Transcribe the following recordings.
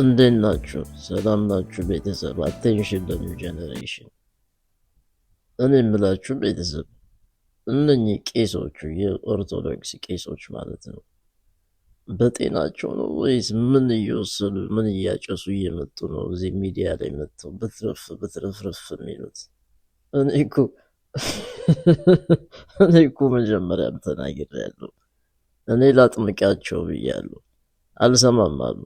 እንዴት ናችሁ? ሰላም ናችሁ? ቤተሰብ አቴንሽን ለኒው ጀኔሬሽን። እኔ የምላችሁ ቤተሰብ እነኚህ ቄሶቹ የኦርቶዶክስ ቄሶች ማለት ነው በጤናቸው ነው ወይስ ምን እየወሰዱ ምን እያጨሱ እየመጡ ነው እዚህ ሚዲያ ላይ መጥተው ብትረፍ ብትረፍረፍ የሚሉት? እኔ እኮ እኔ እኮ መጀመሪያም ተናግሬያለሁ። እኔ ላጥምቃቸው ብያለሁ። አልሰማም አሉ።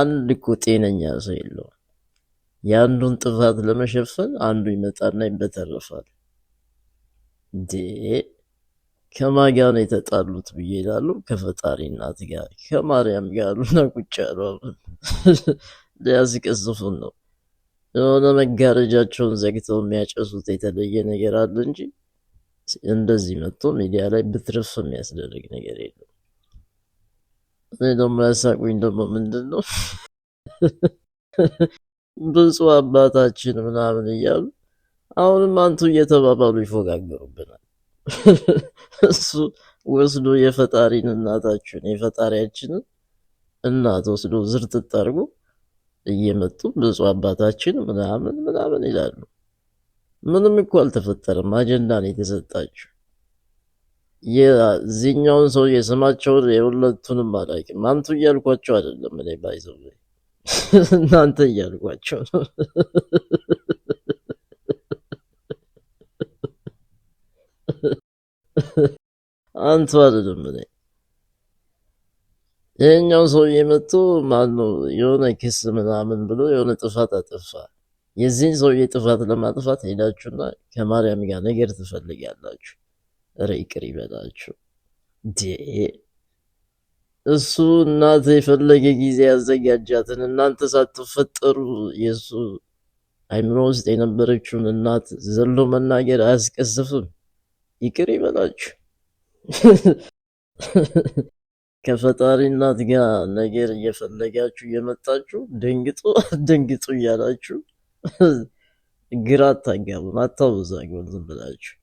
አንድ እኮ ጤነኛ ሰው የለው። የአንዱን ጥፋት ለመሸፈን አንዱ ይመጣና ይበተረፋል እንዴ ከማን ጋር ነው የተጣሉት ብዬ ይላሉ። ከፈጣሪ እናት ጋር ከማርያም ጋር ሉና ቁጭ ያሉ ነው። የሆነ መጋረጃቸውን ዘግተው የሚያጨሱት የተለየ ነገር አለ እንጂ እንደዚህ መጥቶ ሚዲያ ላይ ብትርፍ የሚያስደርግ ነገር የለም። እኔ ደግሞ ያሳቁኝ ደግሞ ምንድን ነው ብፁ አባታችን ምናምን እያሉ አሁንም አንቱ እየተባባሉ ይፎጋገሩብናል። እሱ ወስዶ የፈጣሪን እናታችን የፈጣሪያችንን እናት ወስዶ ዝርጥጥ አድርጎ እየመጡ ብፁ አባታችን ምናምን ምናምን ይላሉ። ምንም እኮ አልተፈጠረም። አጀንዳ የተሰጣችሁ። የዚህኛውን ሰው የስማቸውን የሁለቱንም አላውቅም። አንቱ እያልኳቸው አይደለም እኔ ባይዘው እናንተ እያልኳቸው ነው። አንተዋልም እኔ ይህኛው ሰውዬ መጥቶ ማነው የሆነ ክስ ምናምን ብሎ የሆነ ጥፋት አጠፋ። የዚህን ሰውዬ ጥፋት ለማጥፋት ሄዳችሁና ከማርያም ጋር ነገር ትፈልጋላችሁ። ኧረ ይቅር ይበላችሁ። እሱ እናት የፈለገ ጊዜ ያዘጋጃትን እናንተ ሳትፈጠሩ የእሱ አይምሮ ውስጥ የነበረችውን እናት ዘሎ መናገር አያስቀስፍም? ይቅር ይበላችሁ። ከፈጣሪ እናት ጋር ነገር እየፈለጋችሁ እየመጣችሁ ደንግጡ ደንግጡ እያላችሁ ግራ አታጋቡን፣ አታወዛግቡን። ዝም ብላችሁ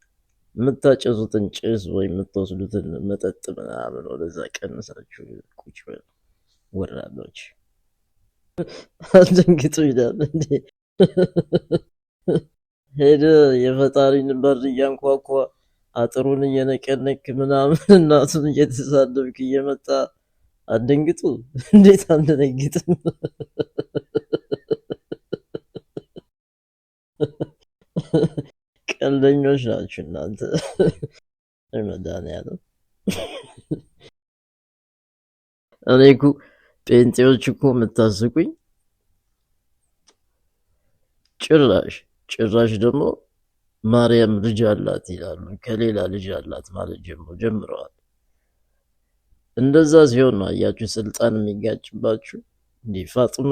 የምታጨሱትን ጭስ ወይም የምትወስዱትን መጠጥ ምናምን ወደዛ ቀንሳችሁ ቁጭ በሉ። ወራዶች አደንግጡ ይላል እንዴ! ሄደ የፈጣሪን በር እያንኳኳ አጥሩን እየነቀነክ ምናምን እናቱን እየተሳደብክ እየመጣ አደንግጡ። እንዴት አንደነግጥም? ቀልደኞች ናችሁ እናንተ። መድኃኒዓለም እኔ እኮ ጴንጤዎች እኮ የምታስቁኝ ጭራሽ ጭራሽ ደግሞ ማርያም ልጅ አላት ይላሉ። ከሌላ ልጅ አላት ማለት ጀምሮ ጀምረዋል። እንደዛ ሲሆን ነው አያችሁ ስልጣን የሚጋጭባችሁ። እንዲህ ፋጡማ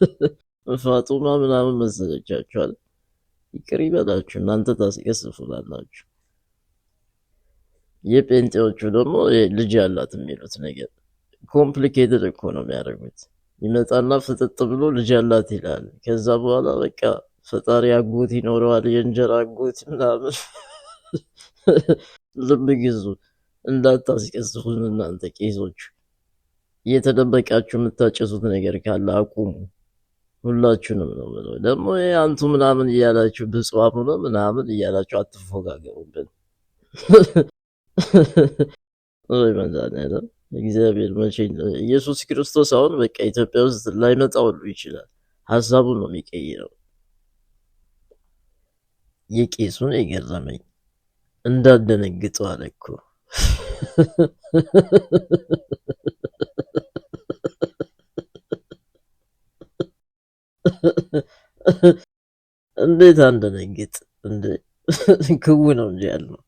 ፋጡማ ምናምን መሰለቻችኋል። ይቅር ይበላችሁ፣ እናንተ ታስቀስፉላላችሁ። የጴንጤዎቹ ደግሞ ልጅ አላት የሚሉት ነገር ኮምፕሊኬትድ እኮ ነው የሚያደርጉት። ይመጣና ፍጥጥ ብሎ ልጅ አላት ይላል። ከዛ በኋላ በቃ ፈጣሪ አጎት ይኖረዋል፣ የእንጀራ አጎት ምናምን። ልብ ግዙ፣ እንዳታስቀስፉን። እናንተ ቄሶች እየተደበቃችሁ የምታጨሱት ነገር ካለ አቁሙ። ሁላችሁንም ነው ምለው። ደግሞ አንቱ ምናምን እያላችሁ ብጽዋ ሆኖ ምናምን እያላችሁ አትፎጋገሩብን። ወይ መድኃኒዓለም እግዚአብሔር መቼ ኢየሱስ ክርስቶስ አሁን በቃ ኢትዮጵያ ውስጥ ላይመጣ ሁሉ ይችላል። ሀሳቡ ነው የሚቀይረው። የቄሱን የገረመኝ እንዳደነግጠው አለ እኮ እንዴት አንደነግጥ እንዴ ክው ነው እንጂ ያልነው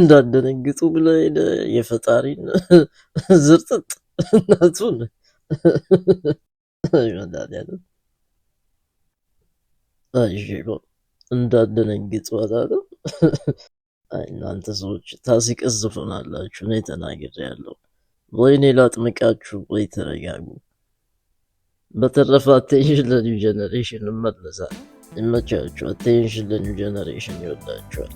እንዳደነግጡ ብለ ሄደ የፈጣሪን ዝርጥጥ እናቱን ይመዳል ያለ አይሽ አይሽሎ እንዳደነግጥ ባላለም እናንተ ሰዎች ታስቀዝፉናላችሁ ነው ተናገር ያለው። ወይኔ ላጥምቃችሁ፣ ወይ ተረጋጉ። በተረፈ አቴንሽን ለኒው ጀነሬሽን እመለሳል። ይመቻችሁ። አቴንሽን ለኒው ጀነሬሽን ይወዳችኋል።